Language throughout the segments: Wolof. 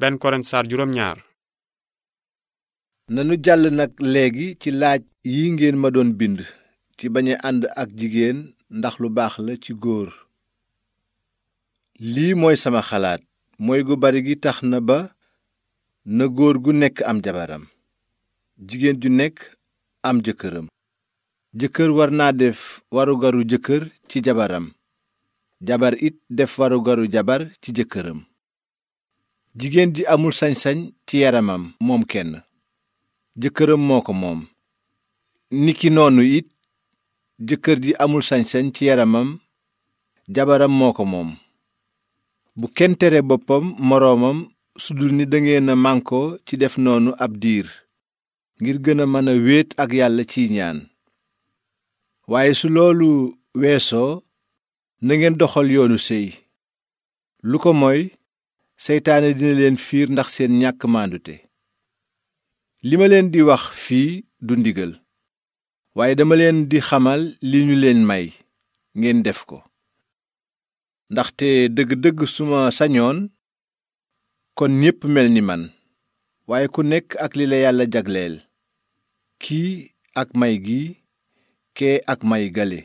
benn Korent saar nanu jàll nag léegi ci laaj yi ngeen ma doon bind ci bañ a ànd ak jigéen ndax lu baax la ci góor lii mooy sama xalaat mooy gu bari gi tax na ba na góor gu nekk am jabaram jigéen ju nekk am jëkkëram jëkkër war naa def warugaru jëkkër ci jabaram jabar it def warugaru jabar ci jëkkëram jigéen ji amul sañsañ ci yaramam moom kenn jëkkëram moo ko moom niki noonu it jëkkër ji amul sañsañ ci yaramam jabaram moo ko moom bu kenn tere boppam moroomam su dul ni dangeen a mànkoo ci def noonu ab diir ngir gën a mën a wéet ak yàlla ciy ñaan waaye su loolu weesoo na ngeen doxal yoonu séy lu ko mooy seytaane dina leen fiir ndax seen ñàkk maandute li ma leen di wax fii du ndigal waaye dama leen di xamal li ñu leen may ngeen def ko ndaxte dëgg-dëgg suma sañoon kon ñépp mel ni man waaye ku nekk ak li la yàlla jagleel kii ak may gi kee ak may gale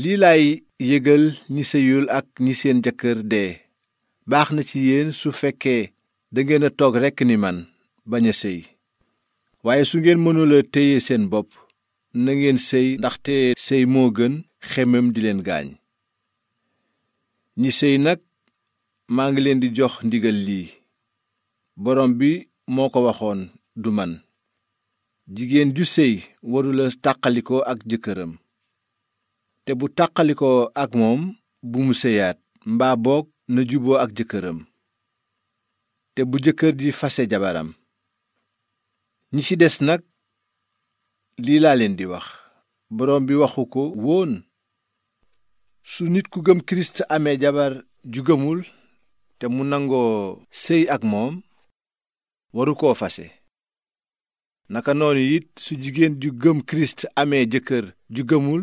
lii laay yëgal ñi sëyul ak ñi seen jëkkër dee baax na ci yéen su fekkee dangeen a toog rekk ni man bañ a séy waaye su ngeen mënula téye seen bopp na ngeen séy ndaxte séy moo gën xemem di leen gaañ ñi séy nag maa ngi leen di jox ndigal lii borom bi moo ko waxoon du man jigéen ju séy warula tàqalikoo ak jëkkëram te bu tàqalikoo ak moom bu mu séyaat mbaa boog na juboo ak jëkkëram te bu jëkkër ji fase jabaram ñi ci des nag lii laa leen di wax boroom bi waxu ko woon su nit ku gëm kirist amee jabar ju gëmul te mu nangoo séy ak moom waru koo fase naka noonu it su jigéen ju gëm kirist amee jëkkër ju gëmul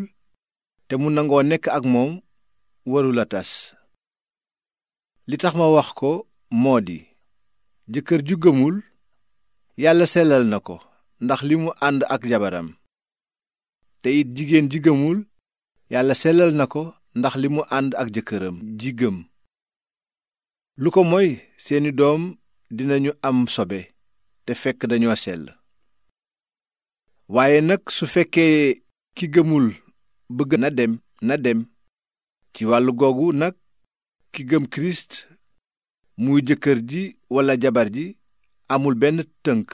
te mu nangoo nekk ak moom warula tas li tax ma wax ko moo di jëkkër ju gëmul yàlla sellal na ko ndax li mu ànd ak jabaram te jigéen ji gëmul yàlla sellal na ko ndax li mu ànd ak jëkkëram ji gëm lu ko moy seeni doom dinañu am sobe te fekk dañoo sell waaye nag su fekkee ki gëmul bëgg na dem na dem ci wàllu googu nag ki muy jëkkër ji walla jabar ji amul benn tënk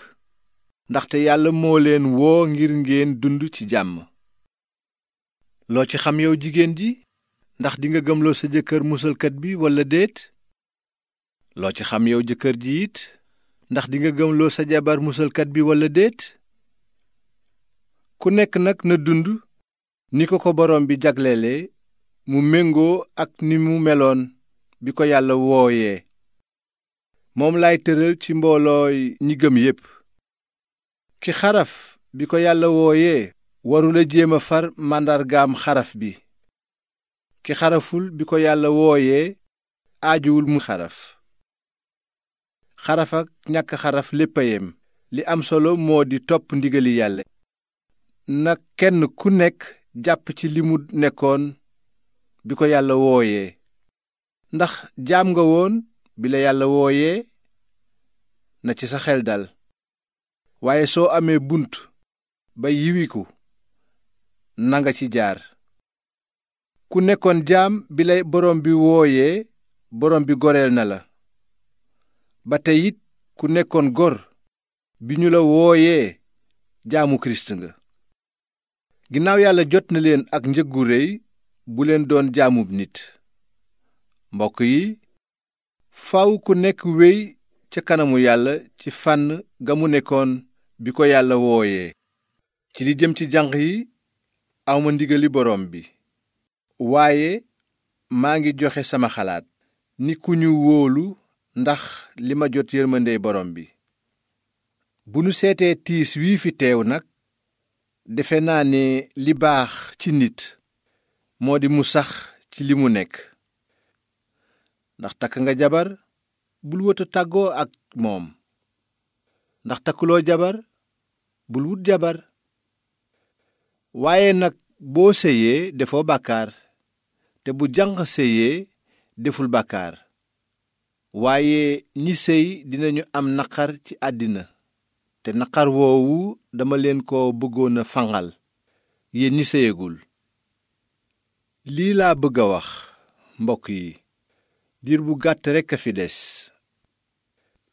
ndaxte yàlla moo leen woo ngir ngeen dund ci jàmm loo ci xam yow jigéen ji ndax dinga gëmloo sa jëkkër musalkat bi walla déet loo ci xam yow jëkkër ji it ndax dinga gëmloo sa jabar musalkat bi walla déet ku nekk nag na dund ni ko ko borom bi jagleele mu méngoo ak ni mu meloon bi ko yàlla wooyee moom laay tëral ci mbooloo ñi gëm yépp ki xaraf bi ko yàlla wooyee warula jéem a far màndargaam xaraf bi ki xaraful bi ko yàlla wooyee aajuwul mu xaraf xaraf ak ñàkk xaraf lépp a li am solo moo di topp ndigali yàlla nag kenn ku nekk jàpp ci li mu nekkoon bi ko yàlla wooyee ndax jaam nga woon bi la yàlla wooyee na ci sa xel dal waaye soo amee bunt ba yiwiku nanga ci jaar ku nekkoon jaam bi la borom bi wooyee borom bi goreel na la ba tey it ku nekkoon gor bi ñu la wooyee jaamu kirist nga ginnaaw yàlla jot na leen ak njëg réy bu leen doon jaamub nit mbokk yi faw ku nekk wéy ca kanamu yàlla ci fànn ga mu nekkoon bi ko yàlla wooyee ci li jëm ci janq yi awma ndigali borom bi waaye maa ngi joxe sama xalaat ni ku ñu wóolu ndax li ma jot yërmandey borom bi bu nu seetee tiis wii fi teew nag defe naa ne li baax ci nit moo di mu sax ci li mu nekk ndax takk nga jabar bul wëta tàggoo ak moom ndax takkuloo jabar bul wut jabar waaye nag boo séyee defoo bàkkaar te bu janq séyee deful bàkkaar waaye ñi séy dinañu am naqar ci àddina te naqar woowu dama leen ko bëggoon a fangal yéen ñi séyagul lii laa bëgg a wax mbokk yi diir bu gàtt rekk a fi des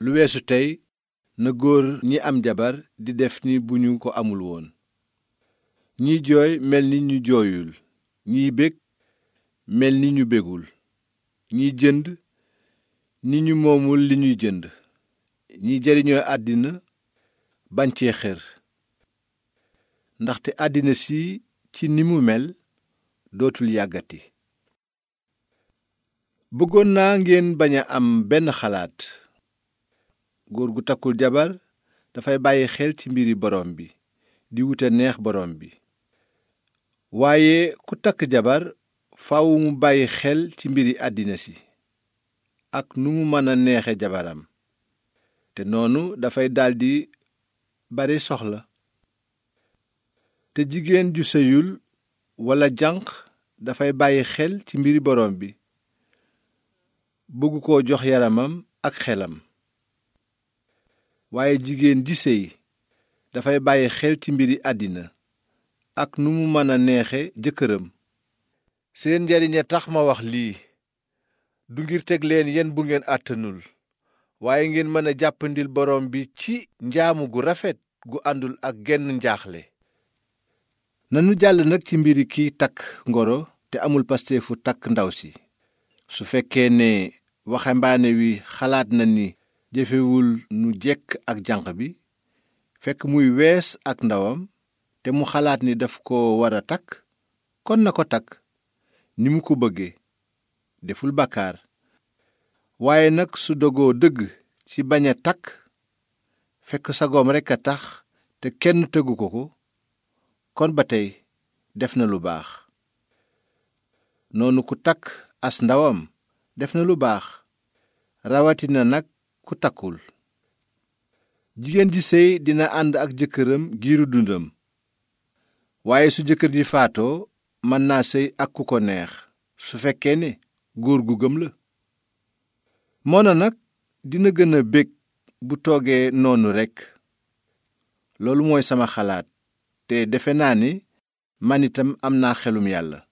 lu weesu tey na góor ñi am jabar di def ni bu ñu ko amul woon ñiy jooy mel ni ñu jooyul ñiy bég mel ni ñu bégul ñiy jënd ni ñu moomul li ñuy jënd ñiy jariñoo àddina bañ cee xër ndaxte àddina si ci ni mu mel dootul yàggati bëggoon naa ngeen bañ a am benn xalaat góor gu takkul jabar dafay bàyyi xel ci mbiri borom bi di wute neex borom bi waaye ku takk jabar faaw mu bàyyi xel ci mbiri àddina si ak nu mu mën a neexe jabaram te noonu dafay daldi bare soxla te jigéen ju sëyul walla jànq dafay bàyyi xel ci mbiri borom bi bëgg koo jox yaramam ak xelam waaye jigéen ji sëy dafay bàyyi xel ci mbiri àddina ak nu mu mën a neexe jëkkëram seen njariñ a tax ma wax lii du ngir teg leen yen bu ngeen àttanul waaye ngeen mën a jàppandil borom bi ci njaamu gu rafet gu àndul ak genn njaaxle nanu jàll nag ci mbiri kiy takk ngoro te amul pasteefu takk ndaw si su fekkee ne waxambaane wi xalaat na ni jëfewul nu jekk ak janq bi fekk muy wees ak ndawam te mu xalaat ni daf ko war a takk kon na ko takk ni mu ko bëgge deful bàkkaar waaye nag su dogoo dëgg ci bañ a takk fekk sagoom rekk a tax te kenn tëggu ko ko kon ba tey def na lu baax noonu ku takk as ndawam def na lu baax rawatina nag ku takkul jigéen ji séy dina ànd ak jëkkëram giiru dundam waaye su jëkkër ji faatoo mën naa séy ak ku ko neex su fekkee ne góor gu gëm la moona nag dina gën a bég bu toogee noonu rekk loolu mooy sama xalaat te defe naa ni man itam am naa xelum yàlla